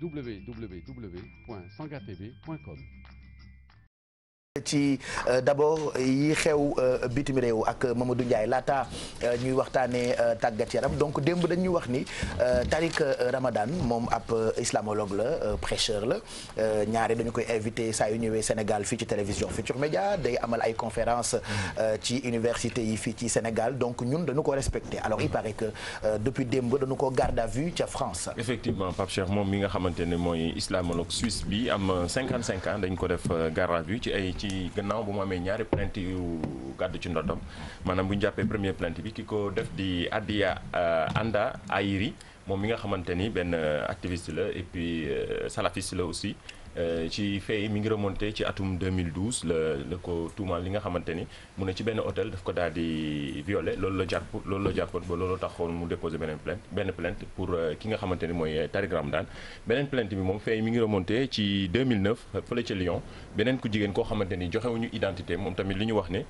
www.sangatv.com. ci euh, d'abord yi xew euh, bitim réew ak Mamadou Ndiaye laata euh, ñuy waxtaanee tàggat yaram donc démb dañuy wax ni Tariq Ramadan moom ab islamologue la prêcheur la ñaare dañu koy invité saa yu ñëwee Sénégal fii ci télévision Futur Média day amal ay conférence ci université yi fii ci Sénégal donc ñun dañu ko respecté alors il pare que depuis démb dañu ko garde à vue ca France. effectivement moom mi nga xamante ne mooy islamologue suisse bi am 55 cinquante dañ ko def garde ci gannaaw bu mu amee ñaari plainte yu gàddu ci ndoddam maanaam bu ñu jàppee premier plainte bi ki ko def di Adia euh, Anda Ayiri moom mi nga xamante ni benn euh, activiste la et puis euh, salafiste la aussi Euh, ci fee mi ngi remonté ci atum 2012 la la ko tuumaal li nga xamante ni mu ne ci benn hôtel daf ko daal di violé loolu la jàpp loolu la jàppoon ba loolu taxoon mu déposé beneen plainte benn plainte pour euh, ki nga xamante ni mooy euh, Tariq Ramadan beneen plainte bi moom fee mi ngi remonté ci 2009 fële ca Lyon beneen ku jigéen koo xamante ni joxewuñu identité moom tamit li ñu wax ne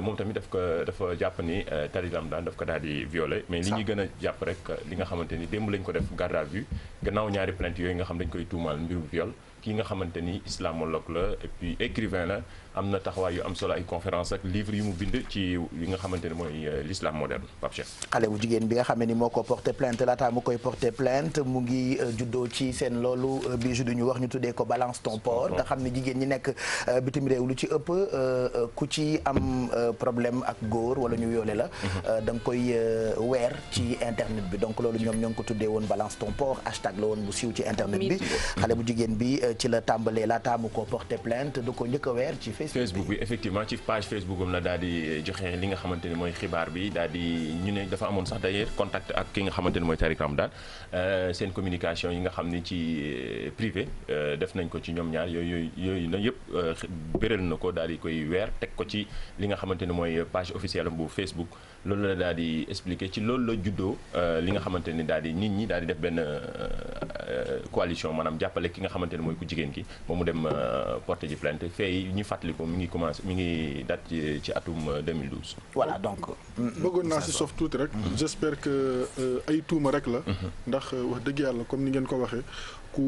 moom tamit daf ko dafa jàpp ni Tariq Ramadan daf ko daal di violé mais li ñuy gën a jàpp rek li nga xamante ni démb lañ ko def garde à vue gannaaw ñaari plainte yooyu nga xam dañ koy tuumaal mbirum viol ki nga xamante ni islamologue la et écrivain la am na taxawaay yu am solo ay conférence ak livre yu mu bind ci nga xamante ne mooy euh, l'islam moderne xale bu jigéen bi nga xam ne ni moo ko porté plainte laataa mu koy porté plainte mu ngi euh, juddoo ci seen loolu euh, bi ju du ñu wax ñu tuddee ko balance ton port nga xam ne jigéen ñi nekk bitim réew lu ci ëpp ku ci am problème ak góor wala ñu yoole la mhm. da koy weer ci internet bi donc loolu ñoom ñoo ngi ko tuddee woon balance ton port hashtag la woon bu siiw ci internet bi xale bu jigéen bi ci la tàmbalee laataa mu ko porté plainte du ko njëkk weer ci Facebook Facebook bi effectivement ci page Facebook am la daal di eh, joxe li nga xamante ne mooy xibaar bi daal di ñu ne dafa amoon sax day contact ak ki nga xamante ni mooy Tariq Ramadan euh, seen communication yi nga xam ni ci eh, privé euh, def nañ ko ci ñoom ñaar yooyu yooyu yooyu yëpp euh, béral na ko daal di koy weer teg ko ci li nga xamante ne mooy page officielle bu Facebook. loolu la daal di expliquer ci loolu la juddoo euh, li nga xamante ni daal di nit ñi daal di def benn euh, coalition maanaam jàppale ki nga xamante ne mooy ku jigéen ki ba mu dem euh, porter ji plainte fee ñu fàttali ko mi ngi commencé mu ngi dat ci atum 2012. voilà donc. bëggoon naa si sof tuuti rek. Mhm. j'espère que ay tuuma rek la. Mhm. ndax wax dëgg yàlla comme ni ngeen ko waxee. ku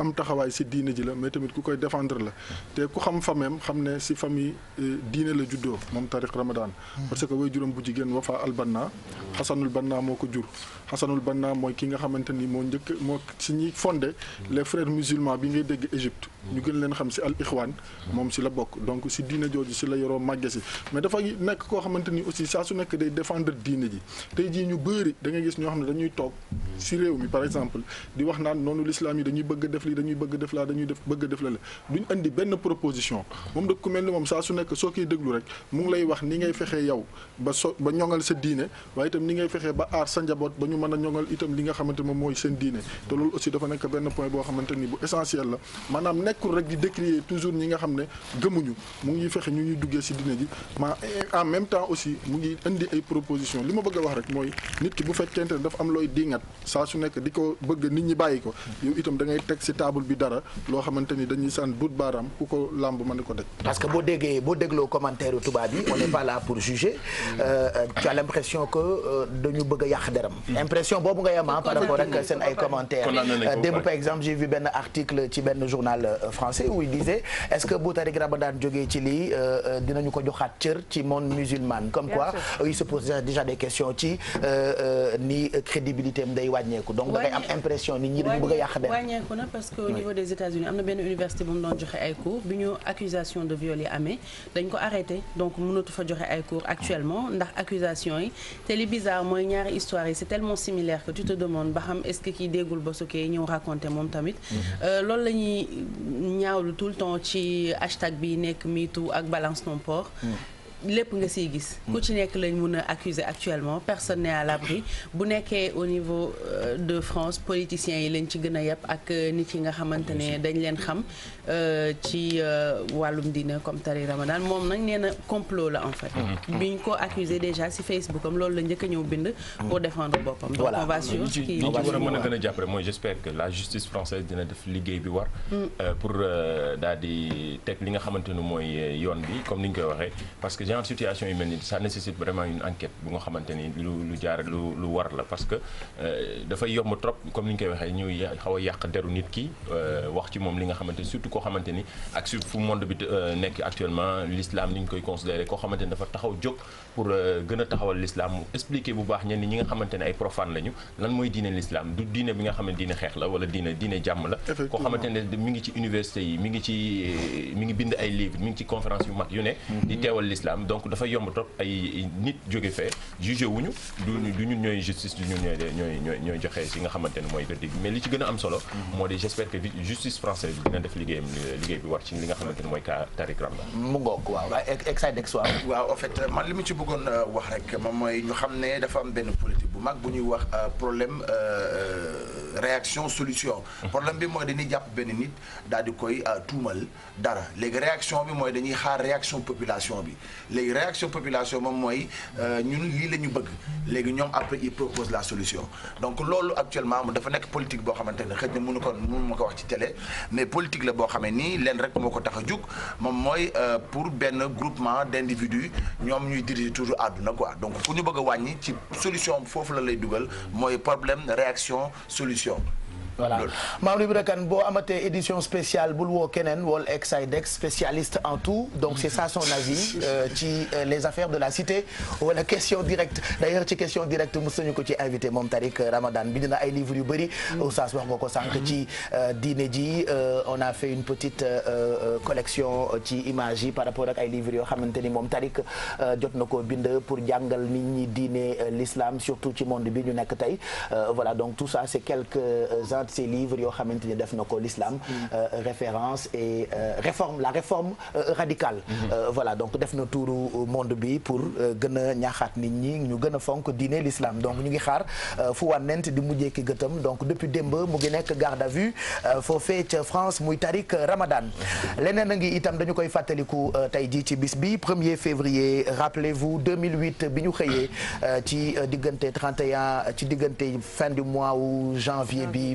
am taxawaay si diine ji la mais tamit ku koy défendre la te ku xam fameem xam ne si famille eh, diine la juddoo moom Tariq Ramadan parce que way juróom bu jigéen Wafa Albanna Xasanul Banna moo ko jur Xasanul Banna mooy ki nga xamante moo njëkk moo si ñuy fondé les frères musulmans bi ngay dégg Égypte ñu gën leen xam si al ixwaan moom si la bokk donc si diine jooju si la yoroo màgge si mais dafa nekk koo xamante ni aussi saa su nekk day défendre diine ji da ngay gis ñoo xam ne dañuy toog si dañuy bëgg def lii dañuy bëgg def laa dañuy def bëgg def la la duñ indi benn proposition moom nag ku mel ni moom saa su nekk soo koy déglu rek mu ngi lay wax ni ngay fexee yow ba so ba ñoŋal sa diine waaye itam ni ngay fexee ba aar sa njaboot ba ñu mën a ñoŋal itam li nga xamante moom mooy seen diine te loolu aussi dafa nekk benn point boo xamante ni bu essentiel la maanaam nekkul rek di décrier toujours ñi nga xam ne gëmuñu mu ngi fexe ñu ñuy duggee si diine ji ma en même temps aussi mu ngi indi ay proposition li ma bëgg a wax rek mooy nit ki bu fekkente ne dafa am looy diingat saa su nekk di ko bëgg nit ñi bàyyi ko itam moom teg si table bi dara loo xamante ni dañuy saan dut baaraam ku ko làmb mën ko daj. parce que boo déggee boo dégloo commentaire tubaab yi on n'est pas là pour juger euh, tu l'impression que euh, dañu bëgg a yàq deram impression boobu nga yama ah, par rapport ak seen ay commentaires euh, démb par exemple j'ai vu benn article ci benn journal français où il disait est-ce que bu ba daan jógee ci lii dinañu ko joxaat cër ci monde musulman comme quoi il se pose déjà des questions ci ni crédibilité am day wàññeeku donc am impression ni ñi bëgg yàq deram wàññeeku na parce que au niveau des États-Unis am na benn université bu mu doon joxe ay cours bi ñu accusation de viol yi amee dañ ko arrêté donc mënatu fa joxe ay cours actuellement ndax accusation yi te li bizarre mooy ñaari histoire yi c'est tellement similaire que tu te demandes ba xam est-ce que kii déggul bosokee ñëw raconté moom tamit mhm. euh, loolu la ñuy ñaawlu tout le temps ci hashtag bi nekk MeToo ak balance ton port mm. lépp nga siy gis ku ci nekk lañ mun a accuser actuellement personne n'est à l'abri bu nekkee au niveau euh, de France politiciens yi lañ ci gën a yàpp ak euh, nit yi nga xamante ne dañ leen xam euh, ci wàllum diina comme tari Ramadan moom nag nee na complot la en fait mm-hmm. Mm-hmm. biñ ko accuser déjà si Facebook loolu la njëkk ñëw bind mm-hmm. pour défendre boppam donc on va suivre kii war a mën a def liggéey bi war mm. pour daal di teg li nga xamante ne mooy yoon bi comme ni ñu koy waxee genre situation yu mel nii ça nécessite vraiment une enquête bu nga xamante ni lu lu li nga xamante ni surtout koo xamante ni ak surtout fu monde bi euh, nekk actuellement l'islam koo xamante ni dafa taxaw jóg pour euh, gën a taxawal l'islam mu bu baax ñenn ñi nga xamante ne ay profane lañu lan mooy diine l'islam du diine bi nga xam ne diine xeex la wala diine diine jàmm la koo xamante ne mi ngi ci université yi mi ngi ci euh, mi ngi bind ay livres mi ngi ci conférence yu mag yu ne di mm-hmm. teewal l'islam donc dafa yomb trop ay nit jóge fee jugé wuñu du du ñun ñooy justice du ñun ñooy ñooy ñooy joxe si nga xamante ne mooy verdict mais li ci gën a am solo. moo di j'espère que justice française dina def liggéey bi war ci li nga xamante ne mooy cas Tariq Ramadan. mu ngoog waaw waaw en fait man li mu ci bëggoon euh, wax rek moom mooy ñu xam ne dafa am benn politique bu mag bu ñuy wax euh, problème. Euh, réaction solution. problème bi mooy dañuy jàpp benn nit daal di koy euh, tuumal dara léegi réaction bi mooy dañuy xaar réaction population bi léegi réaction population moom mooy euh, ñun lii la ñu bëgg léegi ñoom après ils proposent la solution donc loolu actuellement dafa nekk politique boo xamante ne xëy na mënu ko mënu ma ko wax ci télé mais politique la boo xamee nii leen rek moo ko tax a jug moom mooy euh, pour benn groupement d'individus ñoom ñuy diriger toujours àdduna quoi donc ku ñu bëgg a wàññi ci solution foofu la lay dugal mooy problème réaction solution. solution voilà Mame Ibra Kane boo amatee édition spéciale bul woo keneen wol ex Sidex spécialiste en tout donc c'est ça son avis euh, ci euh, les affaires de la cité wala question directe d'ailleurs ci question directe mos nañu ko ci invité moom Tariq Ramadan bind na ay livres yu bëri mm. Oustaz wax nga ko sànq ci euh, diine ji on a fait une petite collection ci images yi par rapport ak ay livres yoo xamante ni moom Tariq jot na koo bind pour jàngal nit ñi diine l'islam surtout ci monde bi ñu nekk tey voilà donc tout ça c'est quelques de ses livres yoo xamante ni def na ko l'islam mm. euh, référence et euh, réforme la réforme euh, radicale mm-hmm. voilà donc def na tuuru monde bi pour gën a ñaaxaat nit ñi ñu gën a fonk diine l'islam donc ñu ngi xaar fu wànnent di mujjee ki gëtam donc depuis démb mu ngi nekk garde à vue foofee ca France muy Tariq Ramadan leneen a ngi itam dañu koy fàttaliku tey jii ci bis bi 1 février rappelez-vous bi ñu xëyee ci diggante 31 ci diggante fin du mois wu janvier bi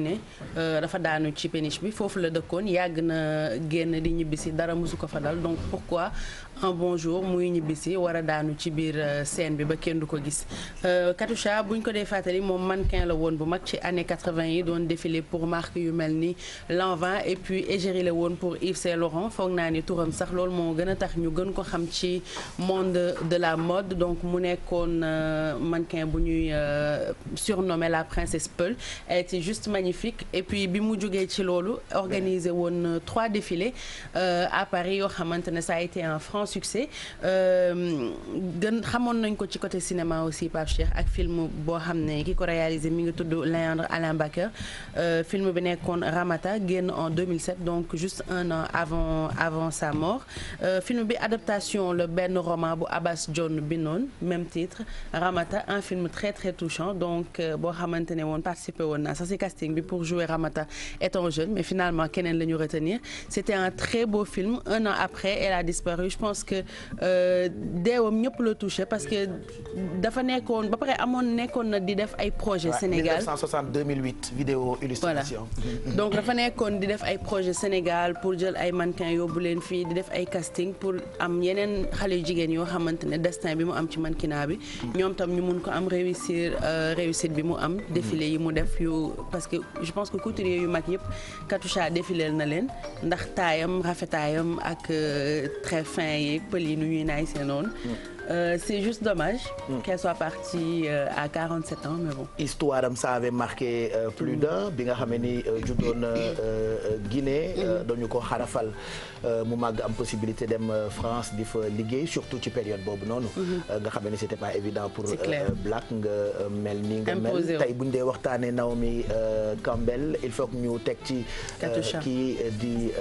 ne euh, dafa daanu ci péniche bi foofu la dëkkoon yàgg na génn di ñibbisi dara mosu ko fa dal donc pourquoi un bon jour muy ñibbisi war a daanu ci biir euh, seen bi ba kenn du ko gis. Euh, Katusha buñ ko dee fàttali moom manquin la woon bu mag ci année 80 yi doon défilé pour marque yu mel ni l'an 20 et puis égérie woon pour Yves Saint Laurent foog naa ni turam sax loolu moo gën a tax ñu gën ko xam ci monde de la mode donc mu nekkoon mannequin bu ñuy surnommé la princesse magnifique et puis bi mu jógee ci loolu organiser woon euh, trois défilés euh, à Paris yoo xamante ne a été un franc succès euh, gën xamoon nañ ko ci côté cinéma aussi Pape Cheikh ak film boo xam ne ki ko réalisé mi ngi tudd Léandre Alain Baker film bi nekkoon Ramata génn en 2007 donc juste un an avant avant sa mort film bi adaptation le benn roman bu Abbas John bindoon même titre Ramata un film très très touchant donc boo xamante woon participé woon naa sax ci casting choisi pour jouer Ramata étant jeune mais finalement keneen la ñu retenir c'était un très beau film un an après elle a disparu je pense que euh, deewam ñëpp la touché parce que dafa nekkoon ba pare amoon nekkoon na di def ay projets Sénégal 1960 2008 vidéo illustration voilà mm-hmm. donc dafa nekkoon di def ay projets Sénégal pour jël ay mannequins yóbbu leen fii di def ay casting pour am yeneen xale yu jigéen yoo xamante ne destin bi mu am ci mannequinat bi mm-hmm. ñoom tam ñu mun ko am réussir euh, réussite bi mu am mm-hmm. défilé yi mu def yu parce je pense que couturier yu mag yëpp Katusha défilé na leen ndax taayam rafetaayam ak euh, très fin yeeg pël yi nu ñuy naay see noonu Euh, c'est juste dommage mm. qu'elle soit partie euh, à 47 ans mais bon. histoire am ça avait euh, plus d'un bi nga xam ne ni euh, juddoon euh, Guinée. Mhm. dañu ko xarafal mu màgg am possibilité dem France di fa liggéey surtout ci période boobu noonu. Mhm. nga xam ne c'était pas évident pour. Black nga mel ni nga mel tey bu ñu dee waxtaanee Naomi Campbell il faut ñu teg ci. kii di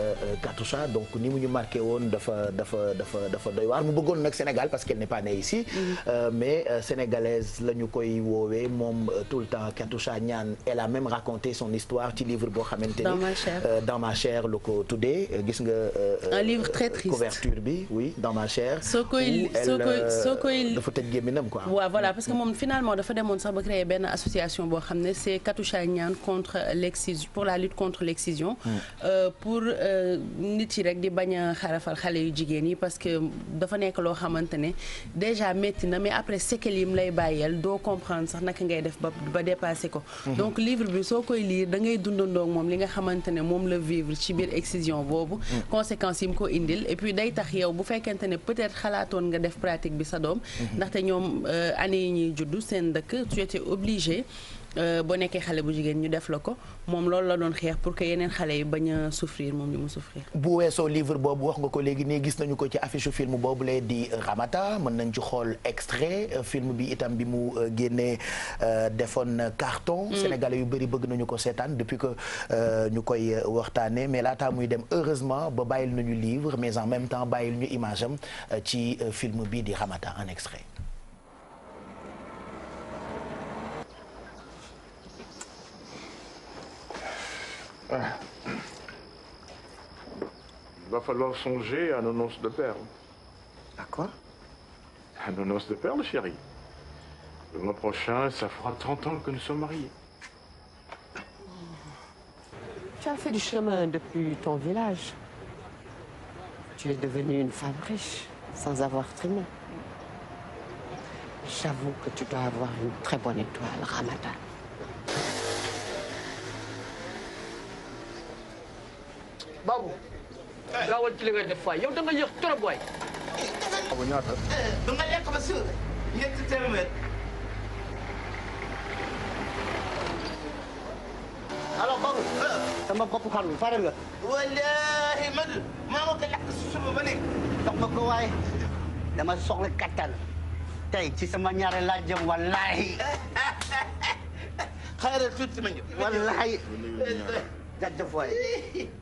Katusha donc ni mu ñu marqué woon dafa dafa dafa dafa doy mu bëggoon nag Sénégal parce que pas né mm-hmm. euh, mais euh, sénégalaise la ñu koy woowe moom euh, tout le temps Katoucha Niane elle a même raconté son histoire ci livre boo xamante ni. dans ma chair dans ma chair lu ko gis nga. un livre très triste bi oui dans ma chair. soo koy soo koy soo dafa tëj gémminam quoi. waaw voilà mm. parce que moom finalement dafa demoon sax ba créer benn association boo xam ne c'est Katoucha Niane contre l'excision pour la lutte contre l'excision. Mm. pour nit yi rek di bañ a xarafal xale yu jigéen yi parce que dafa nek loo xamante déjà métti na mais après séquelles yi lay bàyyeel doo comprendre sax naka ngay def ba ba dépasser ko. Mhm. donc livre bi soo koy liir da ngay dundandoo moom li nga xamante ne moom la vivre ci biir excision boobu. Mhm. conséquences yi mu ko indil et puis day tax yow bu fekkente ne peut-être xalaatoon nga def pratique bi sa doom. Mhm. ndaxte ñoom euh, année yi ñuy juddu seen dëkk tu étais obligé. Euh, boo nekkee xale bu jigéen ñu def la ko moom loolu la doon xeex pour que yeneen xale yi bañ a souffrir moom li mu souffrir. bu weesoo livre boobu wax nga ko léegi ne gis nañu ko ci affiche film boobu lee di Ramata mën nañ ci xool extrait euh, film bi itam bi mu euh, génnee defoon carton. Mm. Sénégalais yu bëri bëgg nañu ko seetaan depuis que ñu koy waxtaanee mais laataa muy dem heureusement ba bàyyil nañu livre mais en même temps bàyyil ñu image am ci film bi di Ramata en extrait. Il va falloir songer à nos noces de perles. À quoi À nos noces de perles, chérie. Le mois prochain, ça fera 30 ans que nous sommes mariés. Tu as fait du chemin depuis ton village. Tu es devenue une femme riche, sans avoir trimé. J'avoue que tu dois avoir une très bonne étoile, Ramadan. Babou gaawal ci li nga def waay yow da nga yéex trop waay. Babou ñaata. ba nga lekk ba suur ñetti téeméer. alors Babou. sama bopp xarul pare nga. wallaahi man maa ma ko lakk suba ba nekk. dox ma ko waaye dama soxla kattan tey ci sama ñaari laaj jëm wallaahi. xaaral tuuti ma ñëw. wallaahi. jajjëf waay.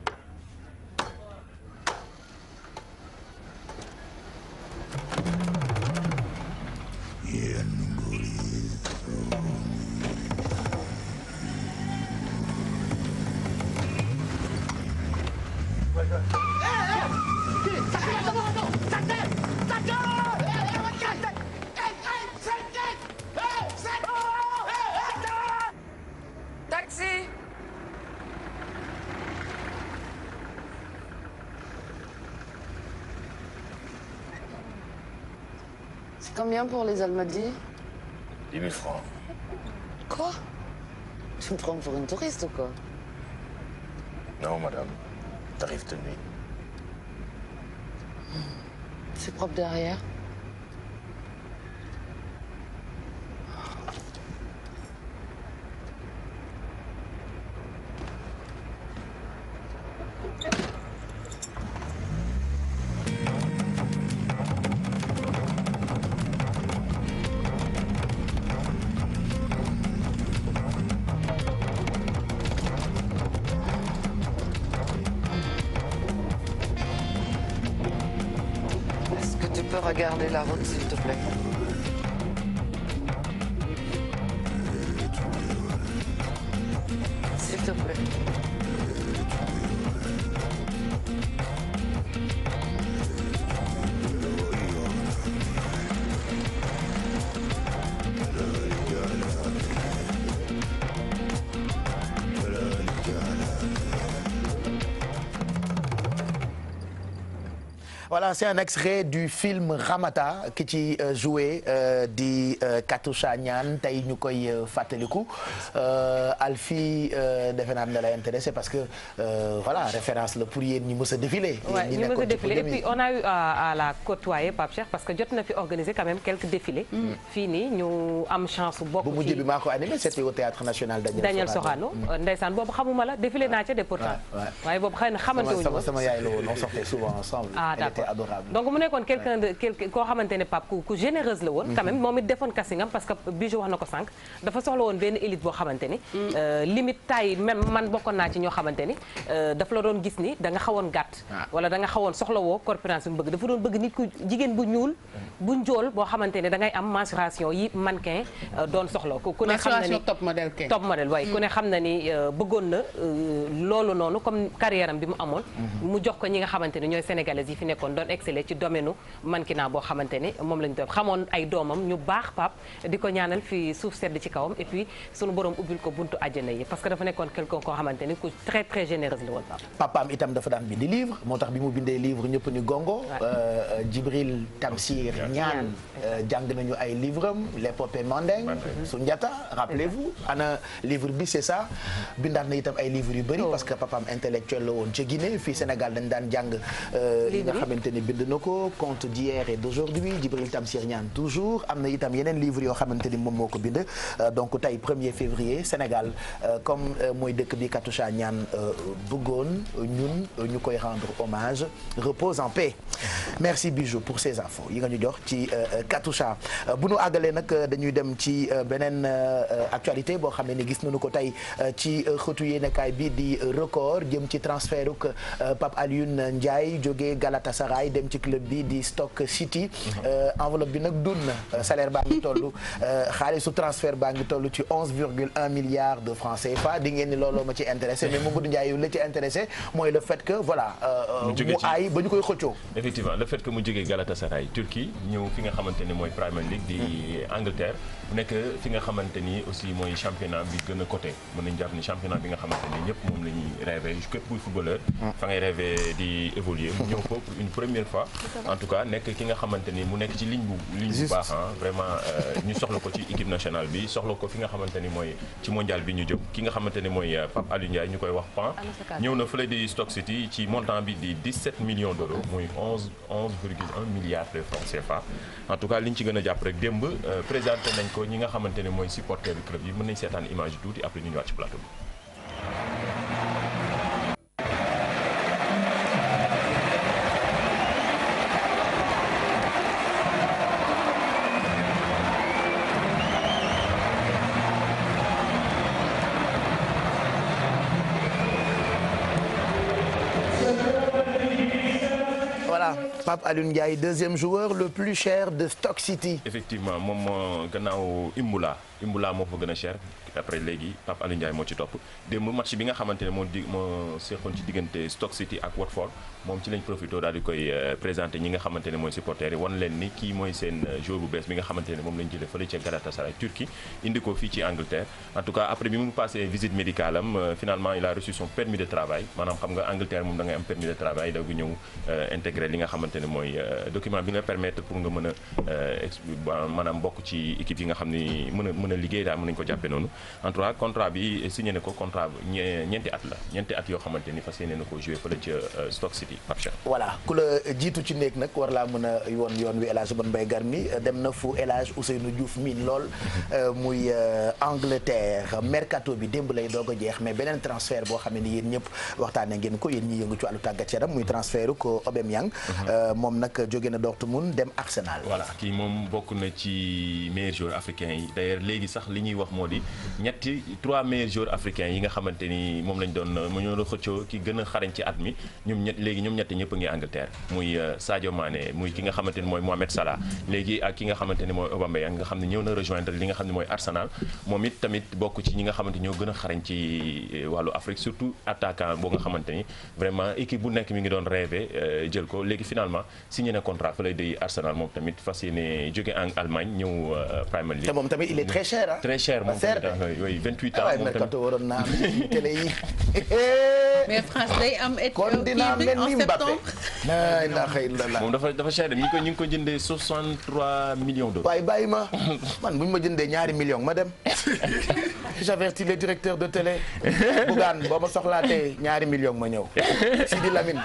Combien pour les Almadis 10 000 francs. Quoi Tu me prends pour une touriste ou quoi Non, madame. Tarif de nuit. C'est propre derrière. garder la route, s'il te plaît. voilà c'est un extrait du film Ramata ki ci euh, joué euh, di euh, Katoucha ñaan tey ñu koy fàttaliku Alfie defe naa da lay intéressé parce que voilà référence la pour yéen ñi mës a défilé. ñi et puis on a eu à la côtoyer Pape Cheikh parce que jot na fi organiser quand même quelques défilés. Mm. Mm. nii ñu am chance bokk ci bu mujj bi maa ko animé c'était au théâtre national Daniel Sorano mm. ndeysaan boobu xamuma la défilé naa ca de pourtant waaye boobu xëy na xamante wuñu sama yaay la woon c'était adorable donc mu nekkoon quelqu'un de quelque koo xamante ne Pape ku généreuse la woon mhm. quand moom it defoon casting am parce que Bijou wax na ko sànq dafa soxla woon benn élite boo xamante ni mm. euh, limite taille man bokkoon naa ci ñoo xamante ni euh, dafa la doon gis ni da xawoon gàtt ah. wala da nga xawoon soxlawoo corpulence bi mu bëgg dafa doon bëgg nit ku jigéen bu ñuul mm. bu njool boo xamante ne da am mensuration yi mannequin euh, doon soxla ku ku ne xam na ni mm. bëggoon na nekkoon doon exceller ci domaine mannequinat boo xamante moom lañ doon xamoon ay doomam ñu baax pap di ko ñaanal fi suuf sedd ci kawam et puis sunu borom ubbil ko buntu àjjana yi parce que dafa nekkoon quelqu'un koo xamante ne ku très très généreuse la woon pap papaam itam dafa daan bindi livre moo tax bi mu bindee livre ñëpp ni gongo euh, euh, Jibril Tamsir ñaan euh, jàng nañu ay livre am l'épopée Mandeng Sundiata rappelez-vous ana livre bi c'est ça bindaat na itam ay livres yu bëri oh. parce que papaam intellectuel la woon ca Guinée fii Sénégal xamante ni bind na ko conte d'hier et d'aujourd'hui Djibril Tamsir Niane toujours am na itam yeneen livre yoo xamante ni moom ko bind euh, donc tey 1er février Sénégal euh, comme euh, mooy dëkk bi Katoucha Niane bëggoon ñun ñu koy rendre hommage repose en paix merci Bijou pour ces infos yi nga ñu jox ci Katoucha bu nu àggalee nag dañuy dem ci beneen actualité boo xam ne ni gis nañu ko tey ci xëtu yéenekaay bi di record jëm ci transfert uk Pape Alioune Ndiaye jógee raay dem ci club bi di Stoke City. Euh, enveloppe bi nag dund na euh, salaire baa ngi toll euh, xaalisu transfert baa ngi toll ci milliard de francs CFA di ngeen ni looloo ma ci intéressé mais Mamadou Ndiaye la ci intéressé mooy le fait que voilà. mu aay ba ñu koy xëccoo. effectivement le fait que mu jógee Galatasaray Turquie ñëw fi nga xamante ni mooy Premier League di Angleterre nekk fi nga xamante aussi mooy championnat bi gën a côté mën nañu ni championnat première fois en tout cas nekk ki nga xamante ni mu nekk ci ligne bu ligne bu baax euh, ñu soxla ko ci équipe nationale bi soxla ko fi nga xamante ni mooy ci mondial bi ñu jëm ki nga xamante ni mooy euh, Pape Aliou Ndiaye ñu koy wax PAN ñëw na fële di Stock City ci montant bi di 17 millions d'euros muy 11 11 virgule 1 milliard de francs CFA en tout cas li ñu ci gën jàpp rek démb euh, présenté nañ ko ñi nga xamante mooy supporter du club yi mën nañ seetaan image yi tuuti après ñu ñëwaat Pape Alioune Ndiaye deuxième joueur le plus cher de Stock City. effectivement moom moo gannaaw Imbula Imbula moo fa gën a cher. après léegi Pape Alioune Ndiaye moo ci topp démb match bi nga xamante ne moo di moo seexoon ci diggante Stoke City ak Watford moom ci lañ profité daal di koy euh, présenté ñi nga xamante ne mooy supporters yi wan leen ni kii mooy seen euh, joueur bu bees bi nga xamante ne moom lañ jëlee fële ca Galatasaray Turquie indi ko fii ci Angleterre en tout cas après bi mu passé visite médicale am euh, finalement il a reçu son permis de travail maanaam xam nga Angleterre moom da xamante ne mooy document bi nga permettre pour nga mën a maanaam bokk ci équipe yi nga xam ni mën a mën a liggéey daal mën ko jàppe en tout contrat bi eh, signé ne ko contrat ñeenti at la ñeenti at yoo xamante ni fas yéene na ko joué fële ca euh, Stock City Pape Cheikh voilà ku la jiitu ci néeg nag war laa mën a yoon yoon wi El Hadj Ban Mbaye Garmi dem na fu El Hadj Ousseynou Diouf miin lool euh, muy euh, Angleterre mercato bi démb lay doog a jeex mais beneen transfert boo xam ne ni yéen ñëpp waxtaanee ngeen ko yen ñi yëngu ci wàllu tàggat yaram muy transfert ko Aubameyang uh-huh. moom nag jóge na mun dem Arsenal voilà kii moom bokk na ci meilleurs joueurs africains yi léegi sax li ñuy wax moo di ñetti trois meilleurs joueurs africains yi nga xamante ni moom lañ doon mu ñoo doon xëccoo ki gën a xarañ ci at mi ñoom ñett léegi ñoom ñetti ñëpp a ngi Angleterre muy euh, Sadio Mané muy ki nga xamante ni mooy Mohamed Salah léegi ak ki nga xamante ni mooy Aubameyang nga xam ne ñëw na rejoindre li nga xam ne mooy Arsenal moom it tamit bokk ci ñi nga xamante ñoo gën a xarañ ci euh, wàllu Afrique surtout attaquant boo nga xamante ni vraiment équipe bu nekk mi ngi doon rêvé euh, jël ko léegi finalement signé na contrat fa lay dey Arsenal moom tamit fas yéene jóge en Allemagne ñëw Premier League te moom tamit il est cher ah très yooyu 28 ans. waaye ah, mercato waroon naa am télé yi. mais France day am. kon dinaa mel ni Mbappé moom dafa dafa cher de ñu ngi ko ñu ngi ko jëndee 63 millions d'euros. waaye bàyyi ma man bu ñu ma jëndee ñaari million ma dem. j'avertis les directeurs de télé. Bougane boo ma soxlaatee ñaari millions ma ñëw. Sidi Lamine.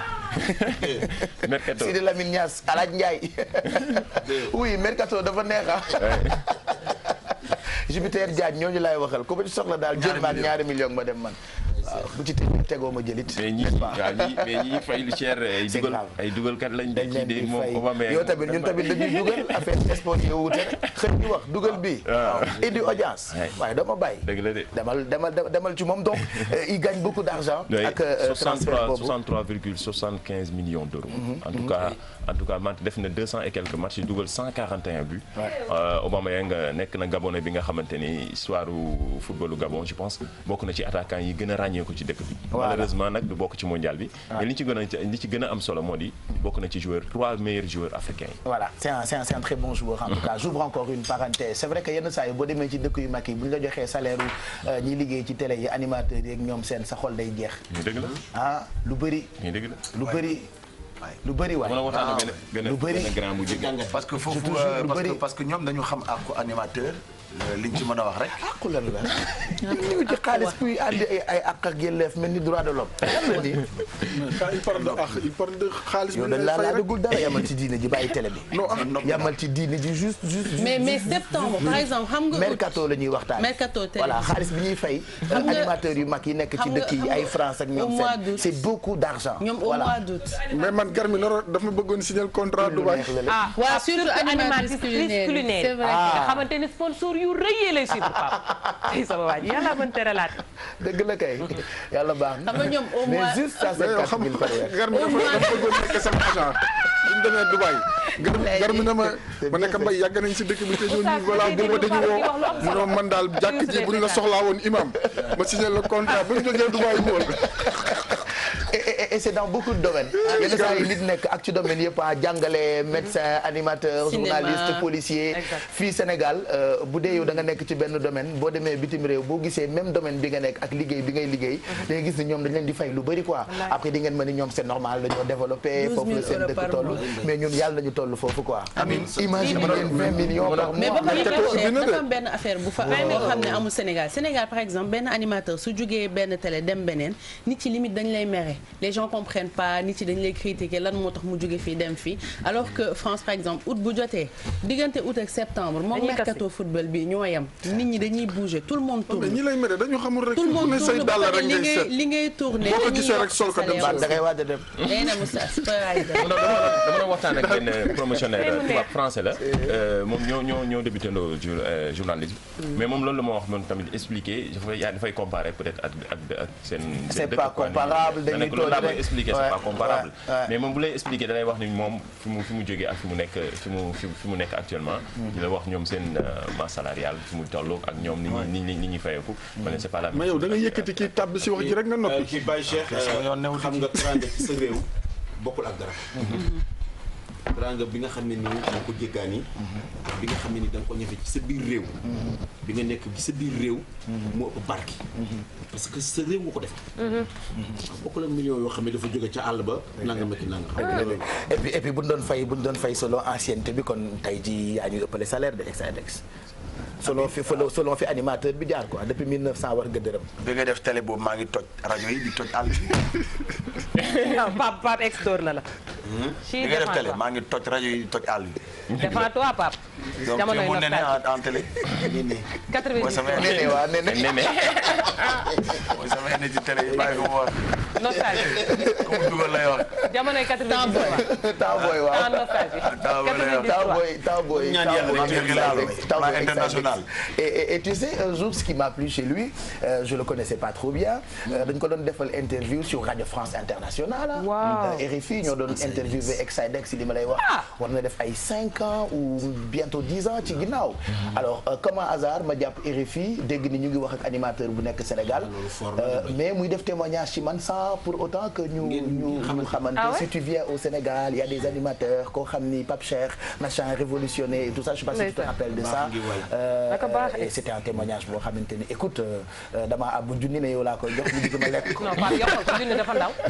mercato Sidi dafa neex ah. Jupiter Diagne ñooñu laay waxal ku ma ci soxla daal jël ma ak ñaari million ma dem lu ci tegoo ma jëlit. mais ñi fay lu cher ay dugal ay dugalkat lañ. dañ leen di fay yow tamit ñun tamit dañuy dugal affaire bi. Ah. indi audience. waaye dama bàyyi. dëgg la de demal demal demal ci moom donc il gagne beaucoup d'argent. ak euh, transfert boobu 63 63,75 millions d'euros. Mhm. tout cas en tout cas man def na 200 et quelques matchs yu dugal 141 euh, nekk na Gabonais bi nga xamante ni histoire footballu Gabon je pense bokk na ci attaquant yi gën a ràññeeku ci. ci dëkk bi. malheureusement nag du bokk ci mondial bi. Ah. mais li ci gën a am solo moo di. bokk na ci joueur trois meilleurs joueurs africains yi. voilà c'est un c'est un c'est un très bon joueur. en tout cas encore une parenthèse c'est vrai que yenn saa yi boo demee ci dëkk yu mag yi bu ñu la joxee salaire yu euh, liggéey ci télé yi animateurs yi ak ñoom seen sa xol day jeex. dëgg la ah lu bari dëgg la lu bëri. lu bëri waay ah. lu bëri parce que foofu euh, parce que que ñoom dañu xam ak animateur liñ ci mën a wax rek. àqu ah, lan la. ñëw ci xaalis kuy àndi ay ay àq ak yelleef mel ni droit de l'homme. Eh. lan la di. Ah, il parle de àq ah, il parle de xaalis. yow dañ laa laajagul dara yamal ci diine ji bàyyi télé bi. non yamal ci diine ji juste juste. mais mais septembre par exemple xam nga. mercato la ñuy waxtaan. mercato tey voilà xaalis bi ñuy fay. animateurs yu mag yi nekk ci dëkk yi ay France ak ñoom seen. c'est beaucoup d'argent. ñoom au mois d'août. mais man Garmi loro dafa bëggoon signer contrat Dubaï. ah waa surtout animatrice culinaire c'est vrai nga xamante ne sponsor yu yu rëyee lay suivre Pape tey sama waa ji yàlla mën teralaat. dëgg la kay yàlla baax na. xam nga ñoom au moins mais juste ça c'est quatre mille par weer. gar mi dafa dafa bëggoon nekk sama agent bu ñu demee Dubaï. gar na ma ma nekk mbay yàgg nañ si dëkk bi te ñooñu voilà booba dañu woo mu ne man daal jàkk ji bu ñu la soxlaa woon imam ma signé le contrat bu ñu jógee Dubaï woon. et c'est dans beaucoup de domaines yenn saa yi nit nekk ak ci domaine yëpp a ah, jàngale fii Sénégal euh, bu dee yow da nekk ci benn domaine boo demee bitim réew boo gisee même domaine bi nga nekk ak liggéey bi nga mhm. gis ni ñoom dañ leen fay lu bëri quoi après di ngeen ma ni ñoom c'est normal la ñoo développé foofu foofu quoi imagine ngeen benn affaire bu fa am boo xam ne amul Sénégal Sénégal par exemple benn animateur su jógee benn télé dem beneen nit ci limite dañ lay mere gens comprennent pas nit yi dañ lay critiquer lan moo tax mu jóge fii dem fii alors que France par exemple août bu jotee diggante août ak septembre moom mercato football bi ñoo yem nit ñi dañuy bouger tout le monde tourne ñi lay mere dañu xamul rek tout le monde tourne ba pare li ngay li ngay tourné boo ko gisee rek sol ko dem da ngay waaj a dem day na Moussa dama doon waxtaan ak benn promotionnaire tubaab français la euh, moom ñoo ñoo ñoo débuté ndoo euh, journalisme mm. mais moom loolu la ma wax moom tamit expliqué dafay comparer peut-être ak ak ak seen c'est pas comparable dañuy toog rek koy expliquer c'est pas comparable mais moom bu lay expliquer dalay wax ni moom fi mu fi mu jógee ak fi mu nekk fi mu fi mu nekk actuellement mm-hmm. di la wax ñoom seen euh, masse salariale fi mu tolloog ak ñoom ni ñuy ni ñuy ni fayeeku mm-hmm. ma ne c'est pas la mais yow da nga yëkkati kii tàbb si wax ji rek nga noppi euh, kii Baye euh, new xam nga trande ci sa réew bokkul ak dara mm-hmm. teraanga bi nga xam ne nii danga ko jéggaani mhm. bi nga xam ne ni danga ko ñafe ci sa biir réew mhm. bi nga nekk ci sa biir réew mhm. moo ëpp barke parce que sa réew nga ko def bokk la million yoo xam ne dafa jóge ca àll ba nanga ma ki nanga ah. et puis et puis buñ doon fay buñ doon fay solo ancienneté bi kon tey ji yaa ñu ëppale salaire de ex selon fi selon fi animateur bi jaar quoi depuis 1900 war nga dërëm. bi nga def télé boobu maa ngi toj rajo yi di toj àll bi. non ah, Pape Pape extor na la. Hmm? bi nga def télé maa ngi toj rajo yi di toj àll bi. defant toi Pape. jamono yi donc nene en télé. nii nii. 90 waaw nene waaw nene. mooy sama nene ci télé yi bàyyi ko mu war. nostalgie. comme dugal lay wax. jamono yi 90 waaw temps international. et tu sais un jour ce qui m'a plu chez lui euh, je le connaissais pas trop bien. Euh, dañ ko doon defal interview sur Radio France Internationale. waaw euh, RFI ñoo doon interviewé ak Sidex li ma lay wax. Ah! war na def ay 5 ans ou bientôt 10 ans ci ginnaaw. Mhm. alors comme un hasard ma jàpp RFI dégg ni ñu ngi wax ak animateur bu nekk Sénégal. Ah, mais muy def témoignage ci man sans. pas pour autant que ñu ñu ñu xamante ah si tu viens au Sénégal il y a des animateurs koo xam ni Pape Cheikh machin révolutionné et tout ça je sais pas si tu te rappelles de ça euh, et c'était un témoignage boo xamante ni écoute euh, euh, dama ab junni ne yow laa koy jox mu jigi ma lekk non Pape yokkal ko junni dafa ndaw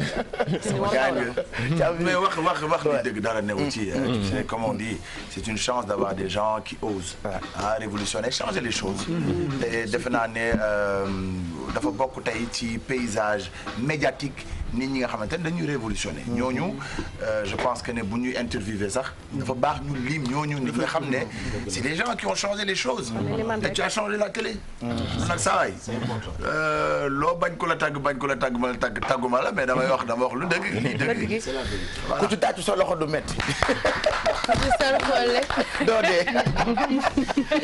mais wax wax wax li dëgg dara new ci c'est mm. comme on dit c'est une chance d'avoir des gens qui osent ah révolutionner changer les choses mm. te defe naa ne dafa bokk tey ci paysage médiatique politique nit ñi nga xamante ne dañuy révolutionné mm-hmm. ñooñu euh, je pense que ne bu ñuy interviewé sax dafa mm-hmm. baax ñu lim ñooñu nit nga xam ne mm-hmm. c'est des gens qui ont changé les choses te tu as changé la télé nag sawaay euh, loo bañ ko la tàgg bañ ko la tàgg ma la tàgg tàgguma la mais damay wax dama wax lu dëgg lii dëgg ku ci tàccu sa loxo du métti doo dee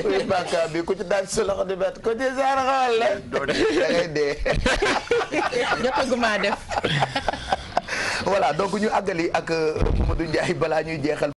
oui Bakar bi ku ci daal sa loxo di bett ko ci saar xool la doo dee da ngay dee. jotaguma def. voilà donc ñu àggali ak euh, Mamadou Ndiaye balaa ñuy jeexal.